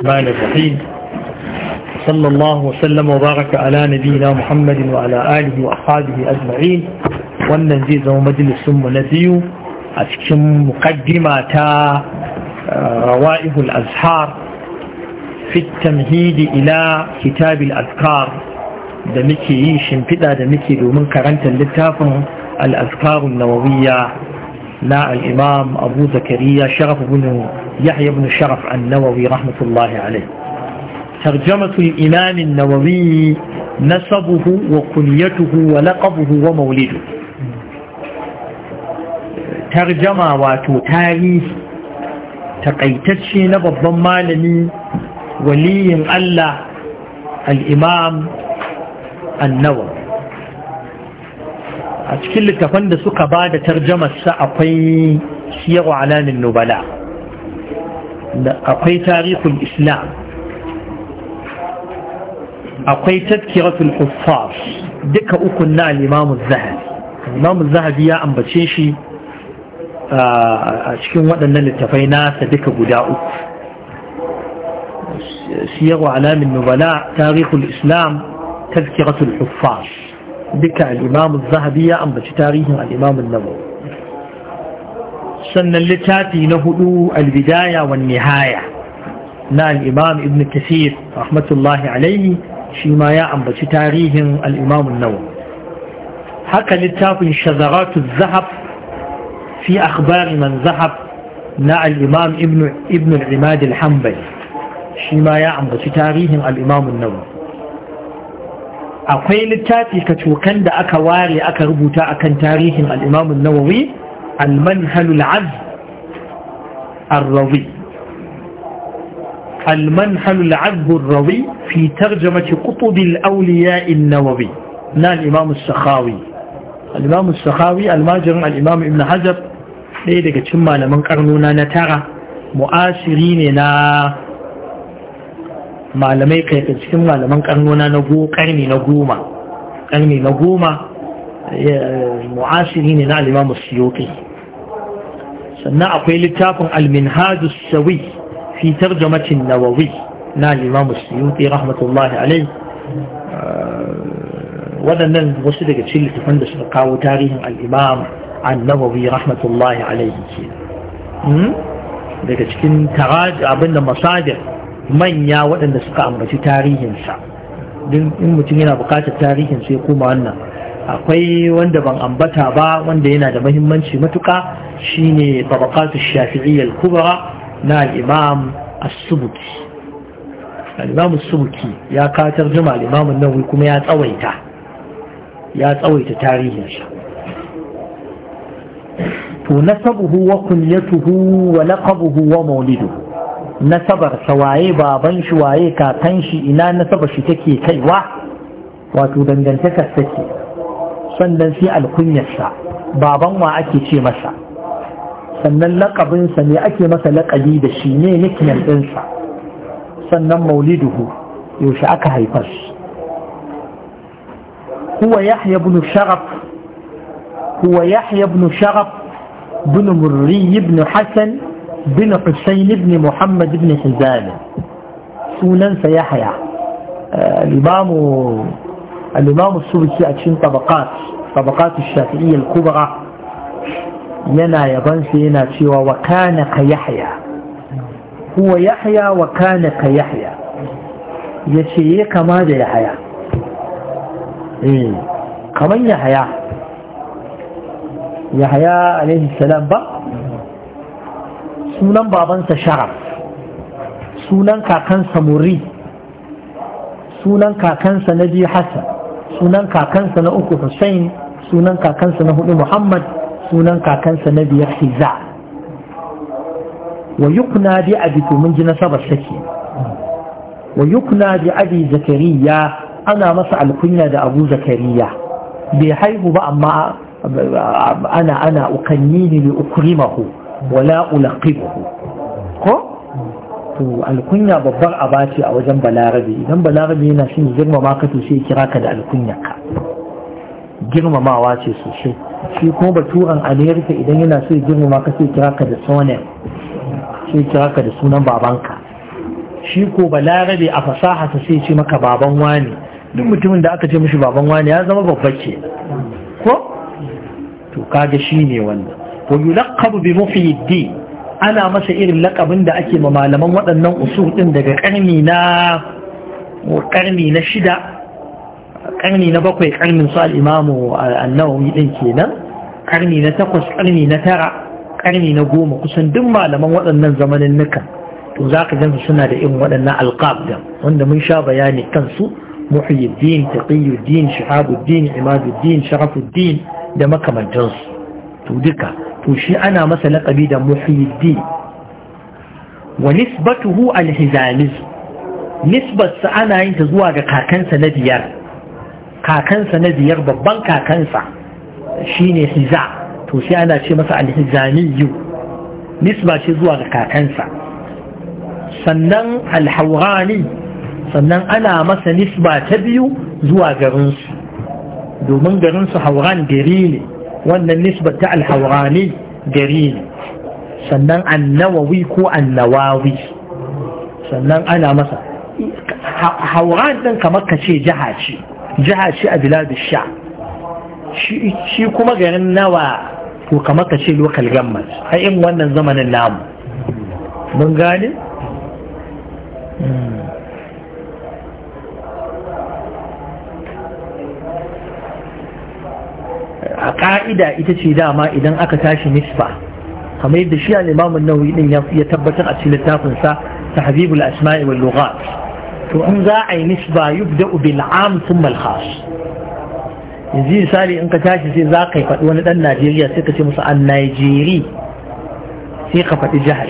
الرحمن الرحيم صلى الله وسلم وبارك على نبينا محمد وعلى آله وأصحابه أجمعين wannan zai zama majalisunmu na biyu a cikin mukaddima ta rawa'ihul azhar fit tamhidi ila kitabil azkar da muke yi shimfiɗa da muke domin karantar littafin al-azkarun nawawiyya لا الإمام أبو زكريا شرف بن يحيى بن شرف النووي رحمة الله عليه ترجمة الإمام النووي نسبه وكنيته ولقبه ومولده ترجمة واتو تاريخ تقيتتشي نبض مالني ولي الله الإمام النووي a cikin littafan da suka ba da tarjamarsa akwai siyarwa alamin nubala da akwai tarihul islam akwai tafkiratul huffar duka ukun na limamun zahabi limamun zahabi ya ambace shi a cikin waɗannan littafai nasa duka guda uku siyarwa alamin nubala tarihul islam tafkiratul huffar بك الإمام الذهبي أم بشتاريه الإمام النبو سنة التاتي نهدو البداية والنهاية نا الإمام ابن كثير رحمة الله عليه شما يا أم بشتاريه الإمام النبو حكى التاتي شذرات الذهب في أخبار من ذهب نا الإمام ابن, ابن العماد الحنبل شما يا أم بشتاريه الإمام النبو akwai littafi kacokan da aka ware aka rubuta akan tarihin al'imamun nawawi almanhalul az arrawi almanhalul azbun rawi fi tarjamaci kutubil auliya'in nawawi na al'imamun sakhawi al'imamun sakhawi almajirin al'imamun ibn hajar ɗaya daga cin malaman karnona na tara mu'asiri ne na malamai kai cikin malaman karnona na karni na goma karni na goma mu'asiri ne na alimamu siyoki sannan akwai littafin alminhajus sawi fi tarjamatin nawawi na alimamu siyoki rahmatullahi alai uh, waɗannan wasu daga cikin littafin da suka kawo tarihin al'imam annawawi rahmatullahi alai hmm? daga cikin taraj abinda masadir manya waɗanda suka ambaci tarihinsa din in mutum yana buƙatar tarihin sai kuma wannan akwai wanda ban ambata ba wanda yana da mahimmanci matuƙa shine tabaqatu shafiiyyar al-kubra na al'imam imam subuki imam ya katar jima limamin nauyi kuma ya tsawaita ya tsawaita tarihin shi to nasabuhu wa kunyatuhu wa laqabuhu wa maulidu. nasabar sa waye baban shi waye kakan shi ina nasabar shi take kaiwa wato dangantakar take sannan sai alkunyarsa baban wa ake ce masa sannan laƙabinsa ne ake masa laƙabi da shi ne nickname ɗinsa sannan mauliduhu yaushe aka haifar shi huwa yahya ibn sharaf huwa yahya ibn sharaf ibn murri ibn hasan بن حسين بن محمد بن حزام سنن سيحيى آه، الإمام الإمام السبكي أتشين طبقات طبقات الشافعية الكبرى ينا يبنسي ينا تشيوى وكان كيحيى هو يحيى وكان كيحيى يشيء كما دا يحيى إيه، كمان يحيى يحيى عليه السلام بقى sunan babansa sharaf sunan kakansa muri sunan kakansa na biyu hassan sunan kakansa na uku hussein sunan kakansa na hudu muhammad sunan kakansa na biyar hiza wa yukna bi abi to ji nasabar wa yukna bi abi zakariya ana masa alkunya da abu zakariya bai haihu ba amma ana ana ukanni ne li ukrimahu wala ulaqibuhu ko to alkunya babbar aba ce a wajen balarabe idan balarabe yana shi girmama ka to sai kira ka da alkunya ka girmamawa ce sosai shi kuma baturan amerika idan yana so girmama ka sai kira ka da sonen sai kira ka da sunan babanka shi ko balarabe a fasaha ta sai ce maka baban wani duk mutumin da aka ce mishi baban wani ya zama babba ke ko to kaga shi ne wannan wa yulaqabu bi ana masa irin lakabin da ake ma malaman waɗannan usul din daga karni na karni na shida karni na bakwai karnin su al-imamu an din kenan karni na takwas karni na tara karni na goma kusan duk malaman waɗannan zamanin nukan to za ka gansu suna da irin waɗannan alƙab wanda mun sha bayani kansu muhyiddin taqiyuddin shahabuddin imaduddin sharafuddin da makamantansu to duka to shi ana masa laƙabi da muhyiddin wa nisbatuhu alhizami nisbarsa ana yin ta zuwa ga kakansa na biyar kakansa na biyar babban kakansa ne hiza to shi ana ce masa alhizamiyu nisba ce zuwa ga kakansa sannan alhaurani sannan ana masa nisba ta biyu zuwa garinsu domin garinsu hauran gari ne wannan nisbar ta alhaurani gari ne sannan annawawi ko annawawi sannan ana masa hauran ɗin kamar ka ce jiha ce jiha ce a biladu sha shi kuma garin nawa ko kamar ka ce lokal gammas a in wannan zamanin namu mun gane? Hmm. a ka'ida ita ce dama idan aka tashi nisba kamar yadda shi al-imam nawawi din ya tabbatar a cikin littafin sa tahzibul asma'i wal lughat to in za a yi nisba yubda'u bil 'am thumma al-khas yanzu misali in ka tashi sai za ka faɗi wani ɗan Najeriya sai ka ce musu an Najeri sai ka faɗi jihar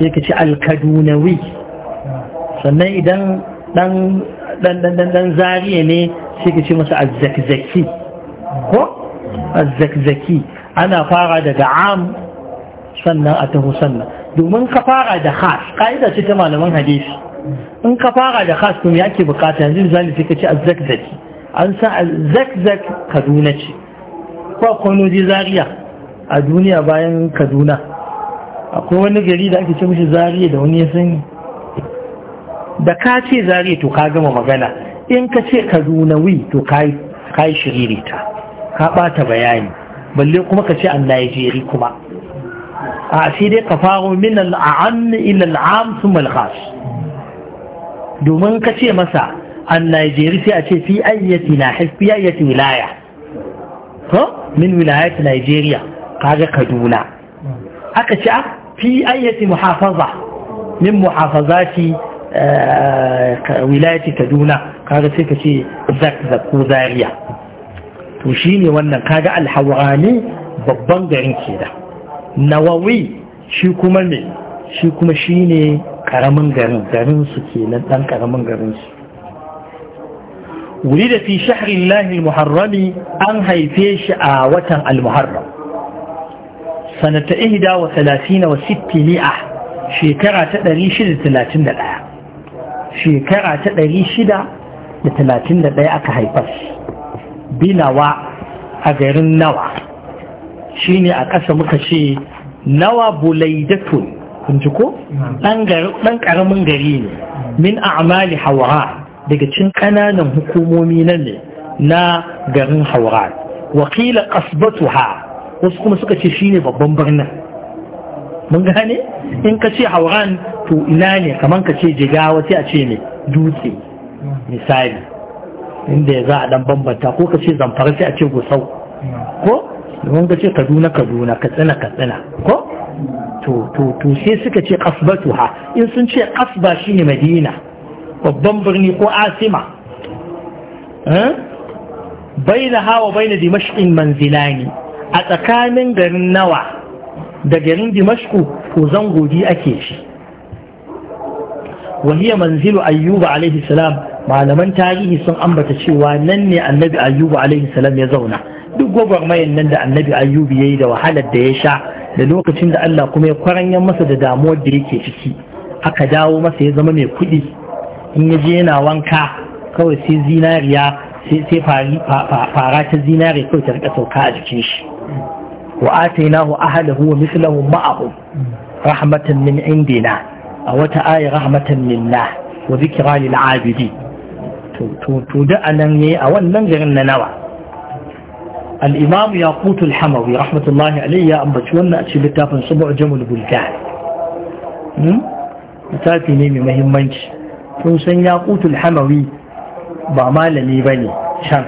sai ka ce al-Kadunawi sannan idan ɗan zariya ne sai ka ce masa az-Zakzaki ko azzakzaki ana fara daga am sannan a taho sannan domin ka fara da khas ƙa'ida ce ta malaman hadisi in ka fara da khas to me ake bukata yanzu da sai ka ce azzakzaki an san azzakzak kaduna ce ko kwanoji zaria a duniya bayan kaduna akwai wani gari da ake ce mishi Zariya da wani ya sani da ka ce zariya to ka gama magana in ka ce kadunawi to ka yi shiririta ka ɓata bayani balle kuma ka ce an najeri kuma a sai dai ka faro min al'am ila al'am sun malhas domin ka ce masa an najeri sai a ce fi ayyati na fi ayyati wilaya min wilayati najeriya kaga kaduna aka ce ah, fi ayyati muhafaza min muhafazati eh, wilayati kaduna kaga sai ka ce zak zak ko zariya to shi ne wannan kaga alhawani babban garin ke da nawawi shi kuma ne shi kuma shi ne karamin garin garin su ke nan ɗan karamin garin su wuri da fi shahrin lahi muharrami an haife shi a watan almuharram sanata ihda wa talatina wa a shekara ta ɗari shida talatin da ɗaya shekara ta ɗari shida da talatin da ɗaya aka haifar binawa a garin nawa shine a ƙasa muka ce nawa bulaidatun kun ji ko ɗan ƙaramin gari ne min a'mali haura daga cin ƙananan hukumomi nan ne na garin haura wakila ha wasu kuma suka ce shine babban birnin mun gane in ka ce hauran to ina ne kamar ka ce jiga sai a ce ne dutse misali inda ya za a dan bambanta ko ka ce zamfara sai a ce gusau ko domin ka ce kaduna kaduna katsina katsina ko to to to sai suka ce ha in sun ce kasba shine madina babban birni ko asima eh? baina hawa baina dimashqin manzilani a tsakanin garin nawa da garin dimashku ko zangodi ake shi وهي manzilu ayyuba عليه malaman tarihi sun ambata cewa nan ne annabi ayyubu alaihi salam ya zauna duk mayan nan da annabi ayyubu ya yi da wahalar da ya sha da lokacin da Allah kuma ya kwaranyan masa da damuwar da yake ciki aka dawo masa ya zama mai kuɗi in ya je yana wanka kawai sai zinariya sai fara ta zinari kawai ta rika sauka a jikin shi wa atainahu ahlahu wa mithlahu ma'ahu rahmatan min indina a wata aya rahmatan minna wa zikra lil abidi تودع أنني أول من جغن نوع الإمام ياقوت الحموي رحمة الله عليه أمبت ونا أتشي بتاف سبع جمل بلدان متاتي نيمي مهم منش تنسن ياقوت الحموي بعمال ليباني شان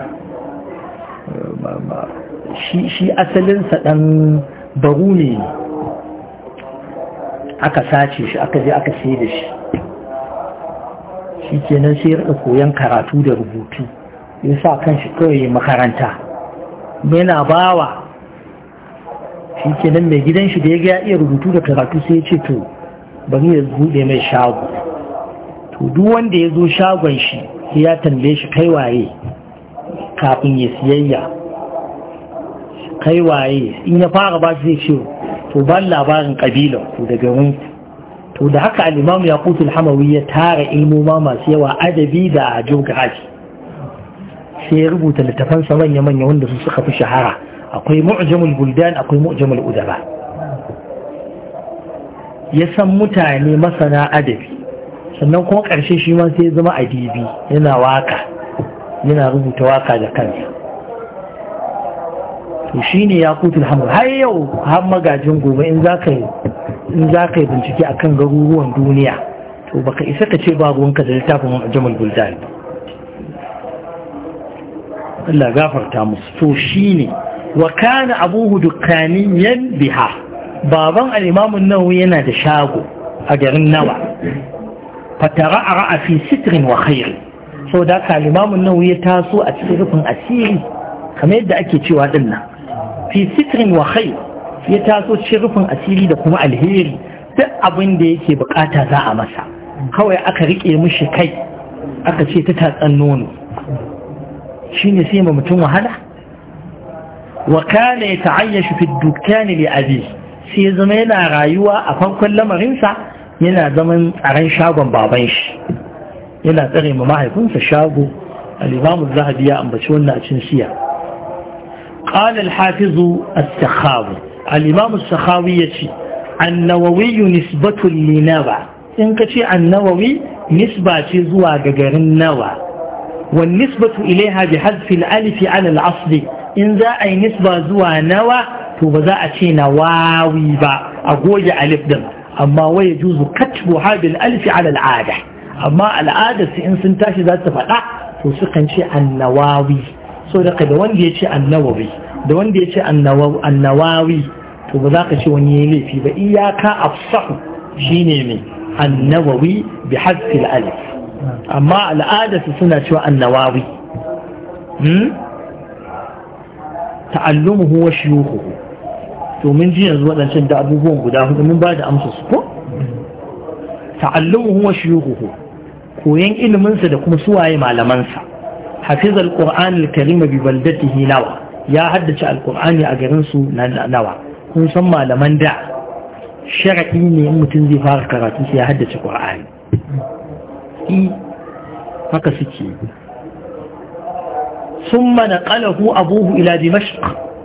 شي, شي أسل ستن بغوني أكا ساتشي أكا زي أكا سيدشي shi nan sai rika koyon karatu da rubutu ya sa kan shi kawai makaranta yana bawa shi nan mai gidan shi da ya ga iya rubutu da karatu sai ya ce to bari ya buɗe mai shago to duk wanda ya zo shagon shi ya tambaye shi kai waye kafin ya siyayya kai waye in ya fara ba shi zai ce to ban labarin kabilan ko daga wani to da haka al-imam yaqut al-hamawi ya tara ilmoma masu yawa adabi da geography sai ya rubuta littafan sa manya manya wanda su suka fi shahara akwai mu'jamul buldan akwai mu'jamul udaba ya san mutane masana adabi sannan kuma ƙarshe shi ma sai zama adibi yana waka yana rubuta waka da kansa to shine ya kutul hamur har yau har magajin gobe in za ka yi in za ka yi bincike a kan garuruwan duniya to baka isa ka ce ba ruwanka da littafin jamal buldan Allah gafarta musu to shi ne wa kana abuhu yan biha baban al'imamun nawa yana da shago a garin nawa fatara a ra'afi sitrin wa khairi so da ka al'imamun nawa ya taso a cikin rufin asiri kamar yadda ake cewa dinnan fi sitrin wa khairi ya taso cikin rufin asiri da kuma alheri duk abin da yake bukata za a masa kawai aka rike mishi kai aka ce ta tatsan nono shine sai ma mutum wahala wa kana shi fi dukkan li abi sai zama yana rayuwa a farkon lamarinsa yana zaman tsaron shagon baban shi yana tsare ma mahaifinsa shago alimamu zahabi ya ambaci wannan a cin siya qala al-hafizu as alimamu imam ya ce yace an nisbatu nisbatun li in ka ce annawawi nisba ce zuwa ga garin nawa wan nisbatu ilaiha bi hadfi al-alif asli in za a yi nisba zuwa nawa to ba za a ce nawawi ba a goge alif din amma waya juzu katbu hadil alifi ala ada amma al'ada su in sun tashi za ta faɗa to sukan ce annawawi so da kada wanda ya ce annawawi da wanda ya ce annawawi to ba za ka ce wani ya laifi ba iyaka a shi ne mai annawawi bi hasfil alif amma al'adarsu suna cewa annawawi hmm? ta'allumuhu wa shuyuhuhu to mun ji yanzu waɗancan da abubuwan guda hudu mun ba da amsa su ko ta'allumuhu wa shuyuhuhu koyan iliminsa da kuma suwaye malamansa hafizal qur'an al-karim bi baldatihi nawa ya haddace alkur'ani a garinsu na nawa kun san malaman da sharaɗi ne in mutum zai fara karatu sai ya haddace ƙur'ani i haka suke sun mana ƙalahu abuhu ila dimashq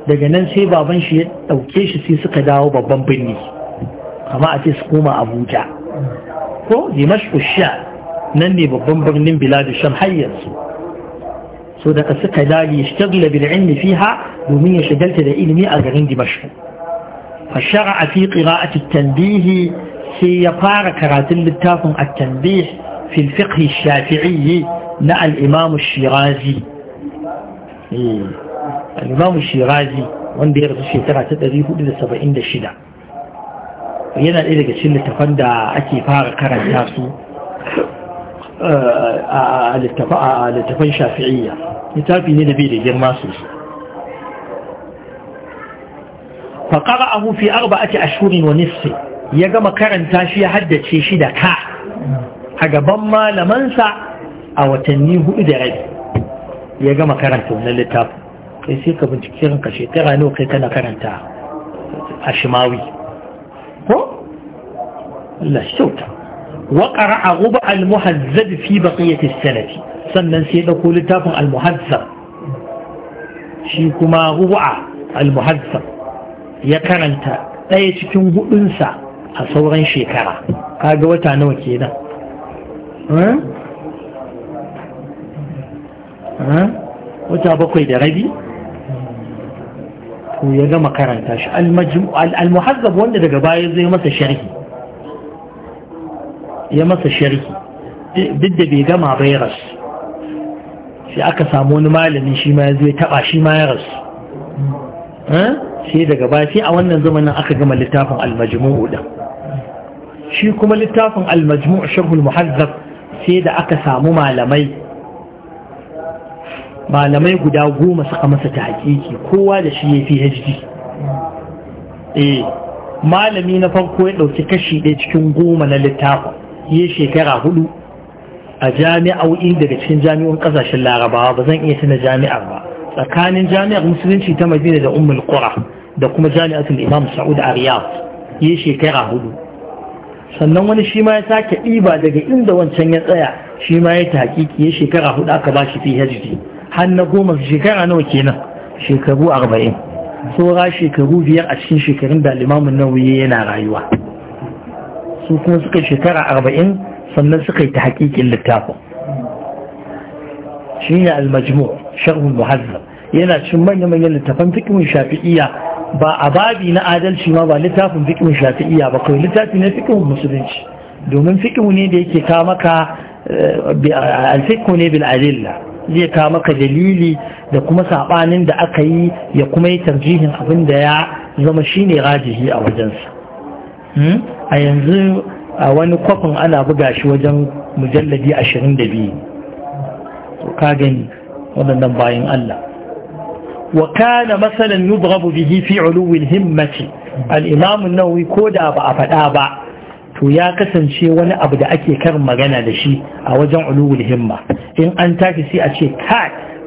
daga nan sai baban shi ya ɗauke shi sai suka dawo babban birni kama a ce su koma abuja ko dimashq sha nan ne babban birnin biladu sham har yanzu so da suka lali ishtagla bil ilmi fiha domin ya shagalta da ilimi a garin Dimash fa shar'a fi qira'ati at-tanbih sai ya fara karatun littafin at-tanbih fi al-fiqh ash-shafi'i na al-imam ash-shirazi al-imam ash-shirazi wanda ya rasu shekara ta 476 yana ɗaya daga cikin littafan da ake fara karanta su a littafan shafi'iyya littafi ne da bai da girma sosai faƙara abu fi arba ake ashirin wa nisfi ya gama karanta shi ya haddace shi da ka a gaban malamansa a watanni hudu da rabi ya gama karanta wannan littafin kai sai ka bincike ranka shekara nawa kai kana karanta a shimawi ko? Allah shi kyauta وقرأ غبع المهذب في بقية السنة sannan sai ɗauko littafin almuhazzar shi kuma ruwa almuhazzar ya karanta ɗaya cikin hudunsa a sauran shekara kaga wata nawa kenan wata bakwai da rabi ko ya gama karanta shi almuhazzab wanda daga baya zai masa sharhi ya masa shirki duk da bai gama bai rasu sai aka samu wani malami shi ma ya zo ya taba shi ma ya rasu sai daga ba sai a wannan zamanin aka gama littafin almajmu'u din shi kuma littafin a sharhul muhazzab sai da aka samu malamai malamai guda goma suka masa ta hakiki kowa da shi ya fi hajji eh, malami na farko ya ɗauki kashi ɗaya cikin goma na littafin yi shekara hudu a jami'o'i daga cikin jami'un kasashen larabawa ba zan iya tana jami'ar ba tsakanin jami'ar musulunci ta madina da umar kura da kuma jami'atul imam sa'ud a riyadh yi shekara hudu sannan wani shi ma ya sake ɗiba daga inda wancan ya tsaya shi ma ya ta hakiki ya shekara hudu aka ba shi phd har na goma shekara nawa kenan shekaru arba'in saura shekaru biyar a cikin shekarun da limamin yana rayuwa su kuma suka shekara arba'in sannan suka yi ta hakikin littafin shi ne almajmu sharhun muhazzab yana cin manya manyan littafin fikimin shafi'iyya ba a babi na adalci ma ba littafin fikimin shafi'iyya ba kawai littafi ne fikimin musulunci domin fikimu ne da yake ka maka eh, alfikimu ne bil adilla zai ka maka dalili da kuma sabanin da aka yi ya kuma yi tarjihin abin da ya zama shine rajihi a wajensa Hmm? a yanzu a wani kwafin ana buga shi wajen mujalladi 22 ka gani waɗannan bayan Allah wa kana masalan yubghabu bihi fi uluwil himmati al-imam an-nawawi ko da ba a faɗa ba to ya kasance wani abu da ake karin magana da shi a wajen uluwul himma in an tafi sai a ce ka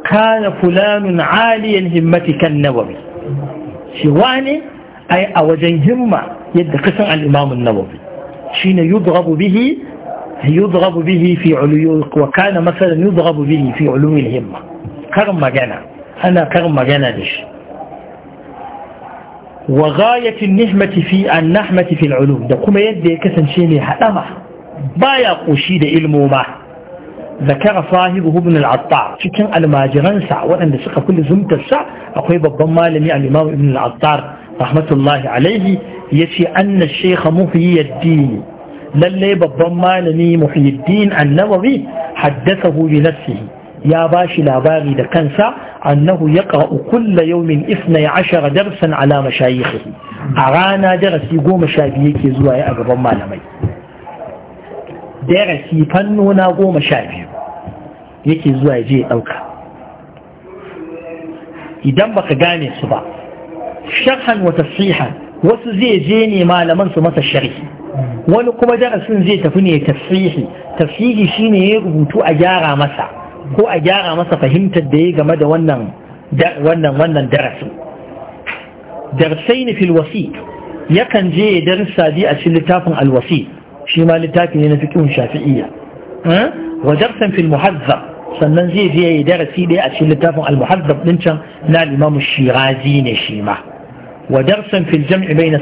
kana fulanun aliyan himmati kan nawawi shi ne ai a wajen himma يد عن الإمام النووي حين يضرب به يضرب به في علو وكان مثلا يضرب به في علو الهمة كرم مجانا أنا كرم مجانا ليش وغاية النهمة في النحمة في العلوم ده كما يدي كسن شيني حلمة بايا ده علمه ما ذكر صاحبه ابن العطار شكين الماجران سع وأن سقى كل زمت السع أقول ببما لم الإمام ابن العطار رحمة الله عليه ya ce anna shekha muhiyyaddini lallai babban malami muhiyyaddin annawawi haddasa na nafsihi ya ba shi labari da kansa annahu ya ƙa'u kulla yaumin isna ya ashara darsan alama mashayikhi a rana darasi goma sha biyu yake zuwa ya a gaban malamai darasi fannona goma sha biyu yake zuwa ya je ya ɗauka idan baka gane su ba sharhan wa tasihan wasu zai je ne malaman su masa sharhi wani kuma darasin zai tafi ne tafsihi tafsihi shine ya rubutu a gyara masa ko a gyara masa fahimtar da ya game da wannan wannan wannan darasin darsaini fil wasi yakan je ya darsa bi a cikin littafin alwasi shi ma littafi ne na fiqh shafi'iyya eh? wa darsan fil muhazzab sannan zai je ya darasi dai a cikin littafin al-muhazzab din can na al shirazi ne shi ma wa darsan jam'i bayna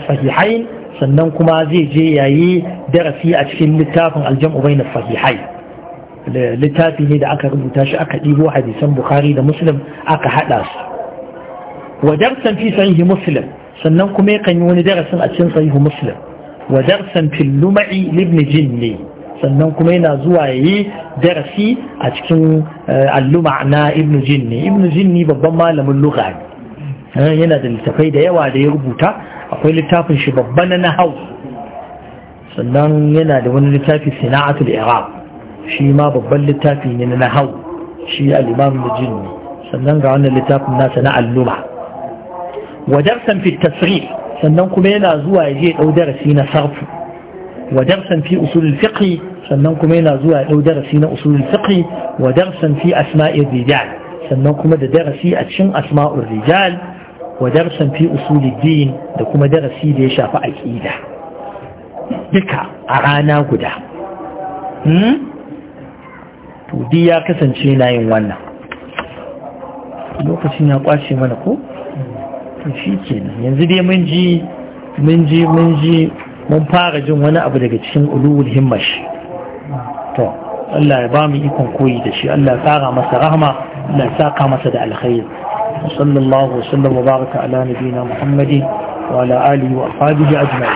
sannan kuma zai je yayi darasi a cikin littafin aljam'u bayna sahihain littafi ne da aka rubuta shi aka ɗibo hadisan bukhari da muslim aka haɗa su wa darsan fi sahihi muslim sannan kuma yakan yi wani darasin a cikin sahihu muslim wa darsan fil luma'i libni sannan kuma yana zuwa ya yi darasi a cikin eh, alluma na ibnu jinni ibnu jinni babban malamin lugha ne Eh, yana da littafai da yawa da ya rubuta akwai littafin shi babba na nahau sannan yana da wani littafi sana'atul iraq shi ma babban littafi ne na nahau shi al-imam ne sannan ga wannan littafin nasa na alluma wa san fi tasiri sannan kuma yana zuwa ya je dau darasi na sarfu wa san fi usul fiqh sannan kuma yana zuwa ya dau darasi na usul fiqh wa darsan fi asma'i rijal sannan kuma da darasi a cikin asma'ur rijal wa darsan fi usuluddin da kuma darasi da ya shafi aqida duka a rana guda hmm? to di ya kasance na yin wannan lokacin ya kwace mana ko to shi kenan yanzu dai mun ji mun ji mun ji mun fara jin wani abu daga cikin ulul himmash to Allah ya ba mu ikon koyi da shi Allah ya tsara masa rahma, Allah ya saka masa da alkhairi وصلى الله وسلم وبارك على نبينا محمد وعلى آله وأصحابه أجمعين